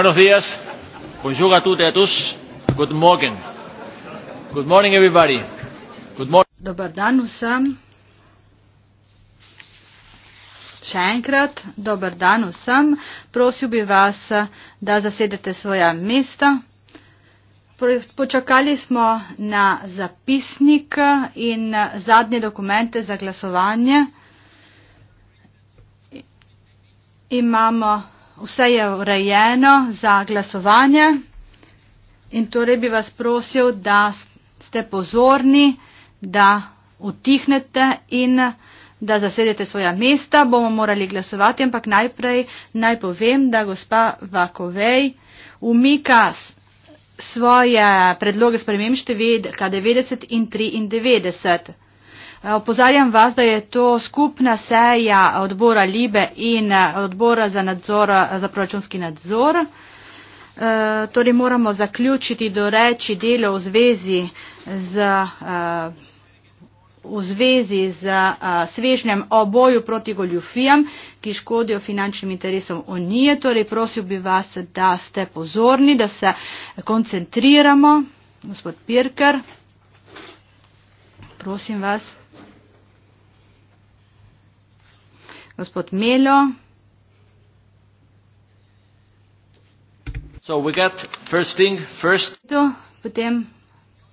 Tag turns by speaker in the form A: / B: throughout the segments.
A: Buenos días. Bonjour à toutes et à tous. Good morning. Good morning, everybody. Good morning. Dobar dan vsem. Še enkrat, dobar dan vsem. Prosil bi vas, da zasedete svoja mesta. Počakali smo na zapisnik in zadnje dokumente za glasovanje. Imamo vse je urejeno za glasovanje in torej bi vas prosil, da ste pozorni, da utihnete in da zasedete svoja mesta. Bomo morali glasovati, ampak najprej naj povem, da gospa Vakovej umika svoje predloge spremem številka 90 in 93. Eh, opozarjam vas, da je to skupna seja odbora Libe in eh, odbora za, nadzor, eh, za proračunski nadzor. E, torej moramo zaključiti do reči delo v zvezi z, e, v zvezi z e, svežnjem o boju proti goljufijam, ki škodijo finančnim interesom Unije. Torej prosil bi vas, da ste pozorni, da se koncentriramo. Gospod Pirker, prosim vas. Gospod Melo. So we got first thing, first. Potem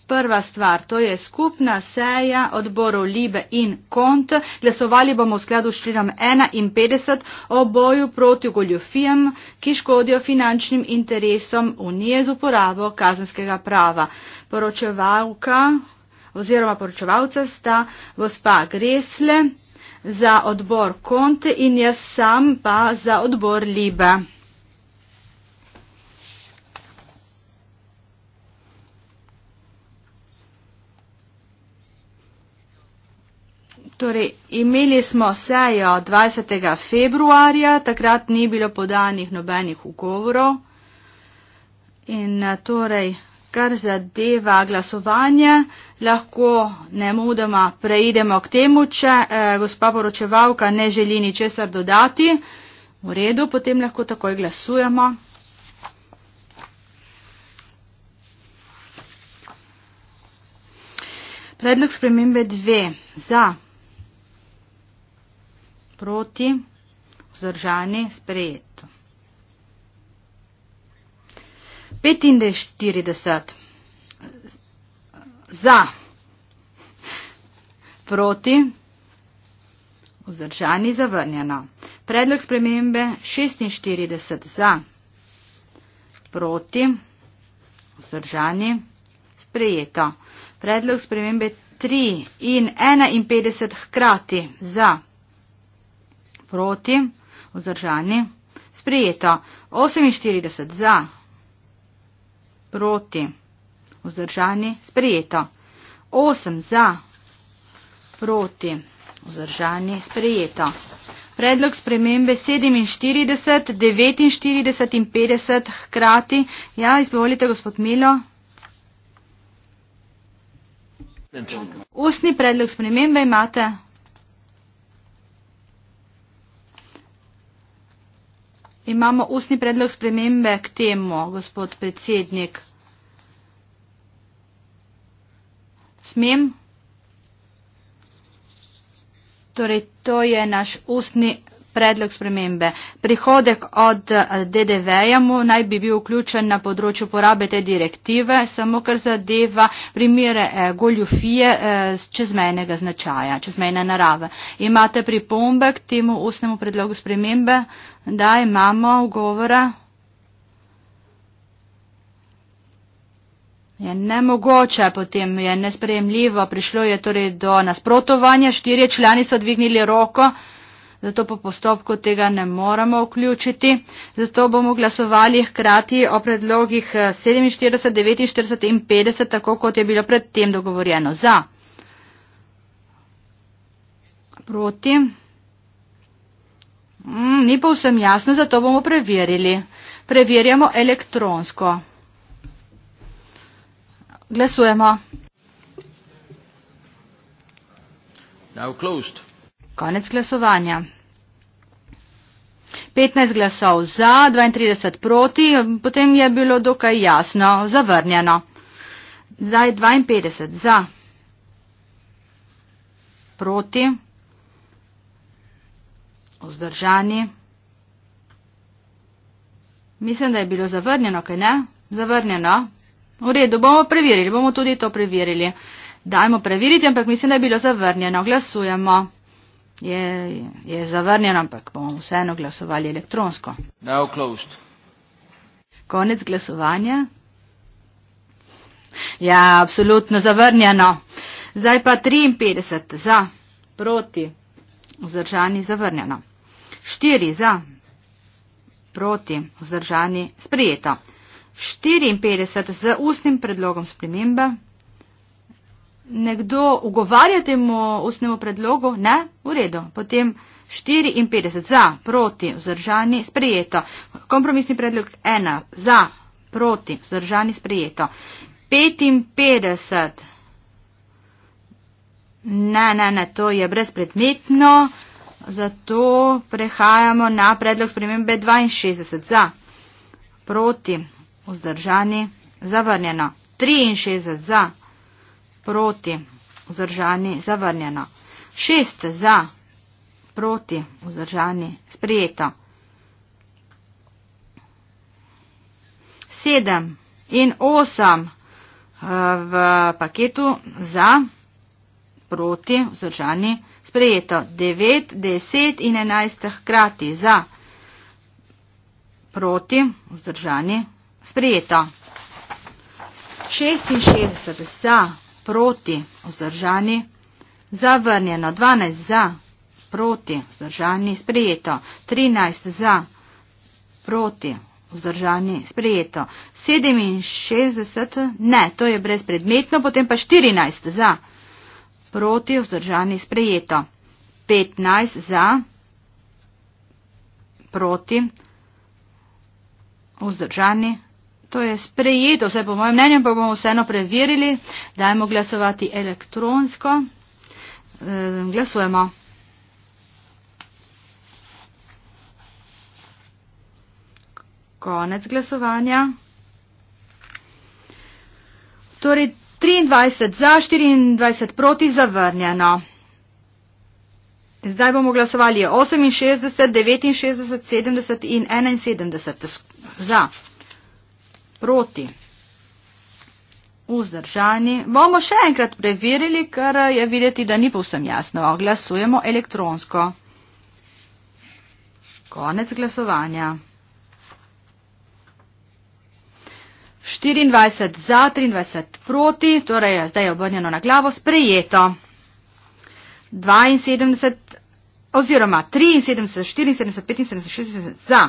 A: prva stvar, to je skupna seja odborov Libe in Kont. Glasovali bomo v skladu s črnom 51 o boju proti goljofijem, ki škodijo finančnim interesom Unije z uporabo kazenskega prava. Poročevalka oziroma poročevalca sta gospa Gresle za odbor KONT in jaz sam pa za odbor LIBE. Torej, imeli smo sejo 20. februarja, takrat ni bilo podanih nobenih ugovorov. In eh, torej, kar zadeva glasovanje, lahko ne mudoma preidemo k temu, če eh, gospa poročevalka ne želi ničesar dodati. V redu, potem lahko takoj glasujemo. Predlog spremembe dve. Za. Proti. Vzdržani. Sprejet. 45. Za. Proti. Vzdržani zavrnjeno. Predlog spremembe 46 za, proti, vzdržani, sprejeto. Predlog spremembe 3 in 51 hkrati za, proti, vzdržani, sprejeto. 48 za, proti, vzdržani, sprejeto. 8 za, proti, vzdržani, sprejeto. Predlog spremembe 47, 49 in 50 hkrati. Ja, izvolite, gospod Milo. Ustni predlog spremembe imate. Imamo ustni predlog spremembe k temu, gospod predsednik. Smem? Torej, to je naš ustni predlog predlog spremembe. Prihodek od eh, DDV-ja mu naj bi bil vključen na področju porabe te direktive, samo kar zadeva primere eh, goljufije eh, čezmejnega značaja, čezmejne narave. Imate pripombe k temu ustnemu predlogu spremembe? Da, imamo ugovora. Je nemogoče, potem je nesprejemljivo, prišlo je torej do nasprotovanja, štirje člani so dvignili roko zato po postopku tega ne moremo vključiti. Zato bomo glasovali hkrati o predlogih 47, eh, 49 in 50, tako kot je bilo predtem dogovorjeno. Za. Proti. Mm, ni povsem jasno, zato bomo preverili. Preverjamo elektronsko. Glasujemo. Now closed. Konec glasovanja. 15 glasov za, 32 proti, potem je bilo dokaj jasno zavrnjeno. Zdaj 52 za, proti, vzdržani. Mislim, da je bilo zavrnjeno, kaj ne? Zavrnjeno. V redu, bomo preverili, bomo tudi to preverili. Dajmo preveriti, ampak mislim, da je bilo zavrnjeno. Glasujemo. Je, je zavrnjen, ampak bomo vseeno glasovali elektronsko. Konec glasovanja. Ja, absolutno zavrnjeno. Zdaj pa 53 za, proti, vzdržani zavrnjeno. 4 za, proti, vzdržani sprijeto. 54 z ustnim predlogom spremembe nekdo ugovarja temu ustnemu predlogu, ne, v redu, potem 54 za, proti, vzdržani, sprejeto. Kompromisni predlog 1 za, proti, vzdržani, sprejeto. 55, ne, ne, ne, to je brezpredmetno, zato prehajamo na predlog spremembe 62 za, proti, vzdržani, zavrnjeno. 63 za, proti, vzdržani, zavrnjeno. Šest za, proti, vzdržani, sprijeto. Sedem in osem eh, v paketu za, proti, vzdržani, sprijeto. Devet, deset in enajst hkrati za, proti, vzdržani, sprijeto. 66 za proti, vzdržani, zavrnjeno, 12 za, proti, vzdržani, sprejeto, 13 za, proti, vzdržani, sprejeto, 67, ne, to je brezpredmetno, potem pa 14 za, proti, vzdržani, sprejeto, 15 za, proti, vzdržani, sprejeto. To je sprejeto, vse po mojem mnenju, pa bomo vseeno preverili. Dajmo glasovati elektronsko. E, glasujemo. Konec glasovanja. Torej 23 za, 24 proti zavrnjeno. Zdaj bomo glasovali 68, 69, 70 in 71 za proti. Vzdržani. Bomo še enkrat preverili, ker je videti, da ni povsem jasno. Glasujemo elektronsko. Konec glasovanja. 24 za, 23 proti, torej je zdaj obrnjeno na glavo, sprejeto. 72 oziroma 73, 74, 75, 76 za,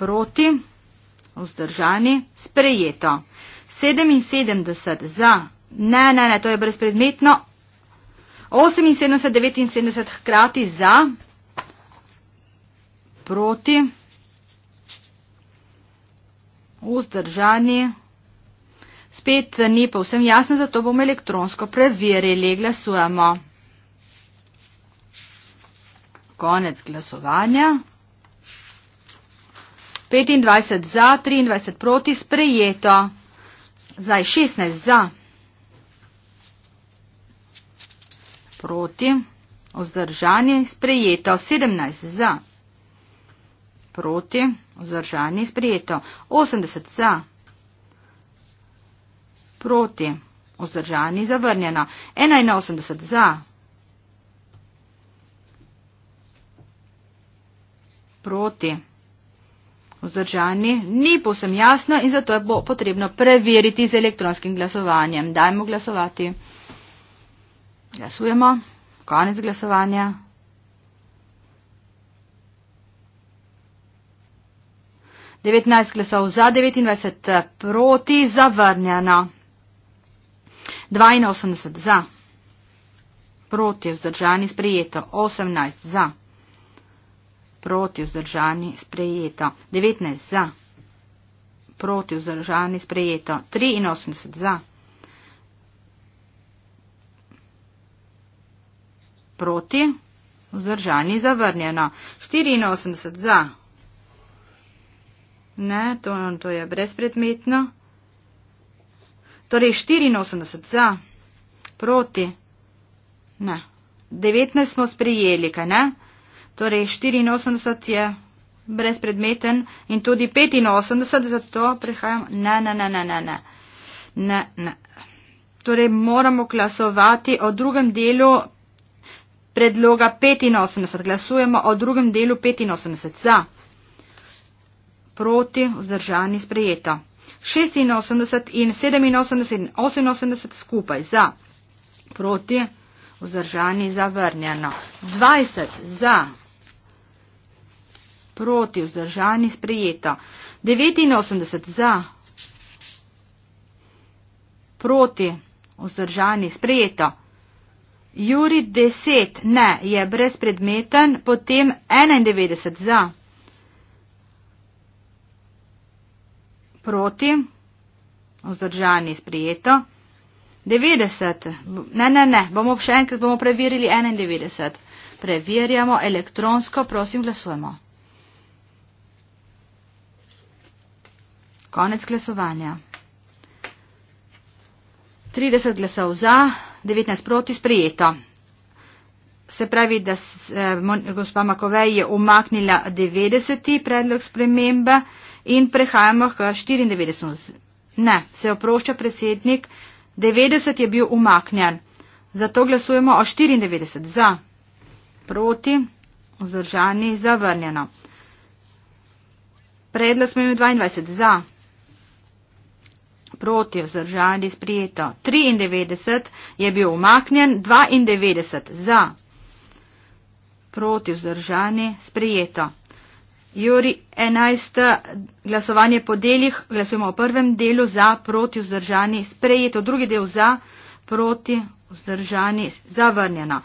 A: proti vzdržani, sprejeto. 77 za, ne, ne, ne, to je brezpredmetno. 78, 79 hkrati za, proti, vzdržani. Spet ni povsem jasno, zato bomo elektronsko preverili. Glasujemo. Konec glasovanja. 25 za, 23 proti, sprejeto. Zdaj 16 za. Proti, vzdržanje, sprejeto. 17 za. Proti, vzdržanje, sprejeto. 80 za. Proti, vzdržanje, zavrnjeno. 81 za. Proti vzdržani, ni povsem jasno in zato je bo potrebno preveriti z elektronskim glasovanjem. Dajmo glasovati. Glasujemo. Konec glasovanja. devetnajst glasov za, devetindvajset eh, proti, zavrnjeno. dvainosemdeset za, proti, vzdržani, sprejeto, osemnajst za proti vzdržani sprejeto, 19 za, proti vzdržani sprejeto, 83 za, proti vzdržani zavrnjeno, 84 za. Ne, to, to je brezpredmetno. Torej 84 za, proti, ne, 19 smo sprijeli, kaj ne? Torej 84 je brezpredmeten in tudi 85, zato prehajam ne, ne, ne, ne, ne, ne, ne, ne. Torej moramo glasovati o drugem delu predloga 85. Glasujemo o drugem delu 85. Za. Proti vzdržani sprejeto. 86 in 87 in 88 skupaj za. Proti vzdržani zavrnjeno. 20 za proti vzdržani sprejeto. 89 za proti vzdržani sprejeto. Juri 10 ne je brezpredmeten, potem 91 za proti vzdržani sprejeto. 90, ne, ne, ne, bomo še enkrat bomo preverili 91. Preverjamo elektronsko, prosim, glasujemo. Konec glasovanja. 30 glasov za, 19 proti sprejeto. Se pravi, da se, eh, gospa Makovej je umaknila 90. predlog spremembe in prehajamo k 94. Ne, se oprošča predsednik, 90 je bil umaknjen. Zato glasujemo o 94 za, proti, vzdržani, zavrnjeno. Predlog smo imeli 22 za proti vzdržani sprijeto. 93 je bil umaknjen, 92 za proti vzdržani sprijeto. Juri 11. glasovanje po delih, glasujemo o prvem delu za proti vzdržani sprejeto, drugi del za proti vzdržani zavrnjeno.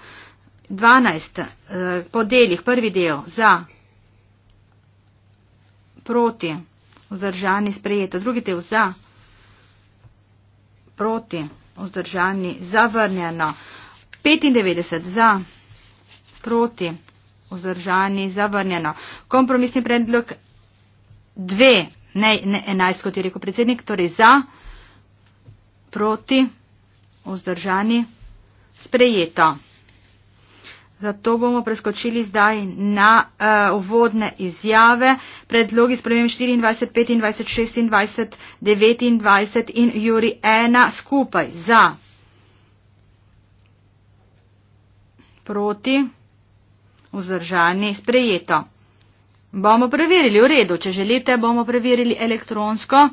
A: 12. Eh, po delih, prvi del za proti vzdržani sprejeto, drugi del za proti vzdržani sprejeto proti, vzdržani, zavrnjeno, 95 za, proti, vzdržani, zavrnjeno. Kompromisni predlog dve, ne, ne enajst, kot je rekel predsednik, torej za, proti, vzdržani, sprejeto. Zato bomo preskočili zdaj na eh, uvodne uh, izjave, predlogi sprememb 24, 25, 26, 29 in Juri 1 skupaj za proti vzdržani sprejeto. Bomo preverili v redu, če želite, bomo preverili elektronsko.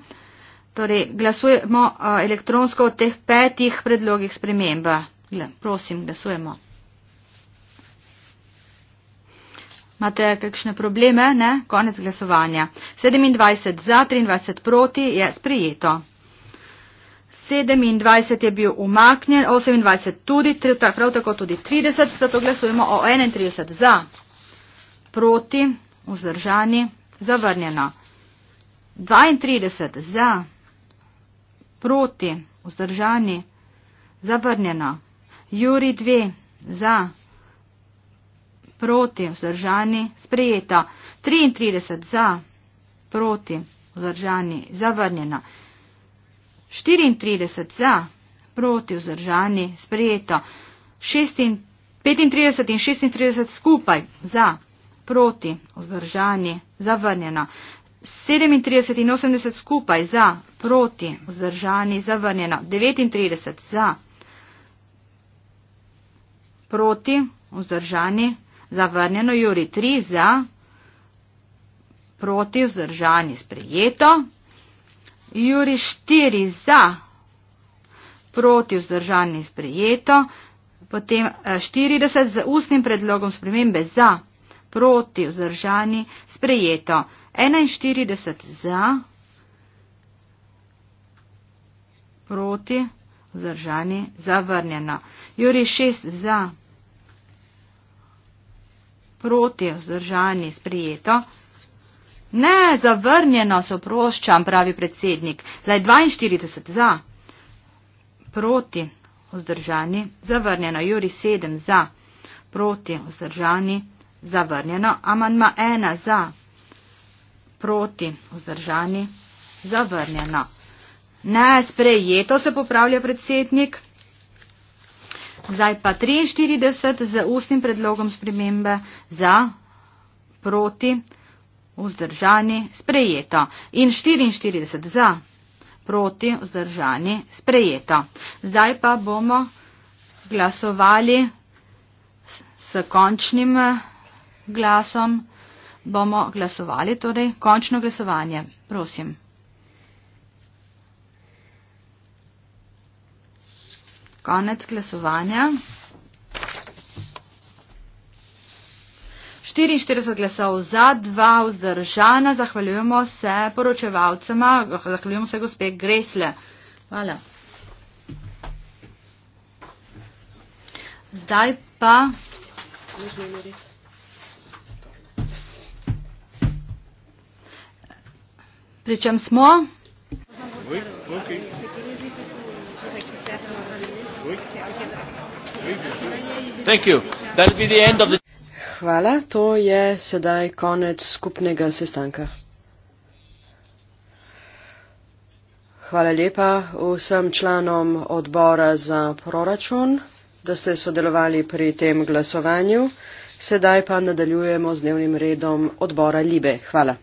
A: Torej, glasujemo uh, elektronsko o teh petih predlogih sprememb. Prosim, glasujemo. imate kakšne probleme, ne? Konec glasovanja. 27 za, 23 proti je sprijeto. 27 je bil umaknjen, 28 tudi, prav tako tudi 30, zato glasujemo o 31 za, proti, vzdržani, zavrnjeno. 32 za, proti, vzdržani, zavrnjeno. Juri 2 za proti, vzdržani, sprejeta, 33 za, proti, vzdržani, zavrnjena, 34 za, proti, vzdržani, sprejeta, 35 in 36 skupaj za, proti, vzdržani, zavrnjena, 37 in 80 skupaj za, proti, vzdržani, zavrnjena, 39 za, proti, vzdržani, zavrnjena zavrnjeno, juri 3 za, proti vzdržani sprejeto, juri 4 za, proti vzdržani sprejeto, potem 40 eh, z ustnim predlogom spremembe za, proti vzdržani sprejeto, 41 za, proti vzdržani zavrnjeno, juri 6 za, proti vzdržani sprejeto, proti vzdržani sprijeto. Ne, zavrnjeno se oproščam, pravi predsednik. Zdaj 42 za. Proti vzdržani, zavrnjeno. Juri 7 za. Proti vzdržani, zavrnjeno. Amanma 1 za. Proti vzdržani, zavrnjeno. Ne, sprejeto se popravlja predsednik zdaj pa 43 z ustnim predlogom spremembe za, proti, vzdržani, sprejeto. In 44 za, proti, vzdržani, sprejeto. Zdaj pa bomo glasovali s končnim eh, glasom. Bomo glasovali, torej končno glasovanje. Prosim. Konec glasovanja. 44 glasov za, 2 vzdržana. Zahvaljujemo se poročevalcema, zahvaljujemo se gospe Gresle. Hvala. Zdaj pa. Pričem smo. Oui, okay. Hvala, to je sedaj konec skupnega sestanka. Hvala lepa vsem članom odbora za proračun, da ste sodelovali pri tem glasovanju. Sedaj pa nadaljujemo z dnevnim redom odbora Libe. Hvala.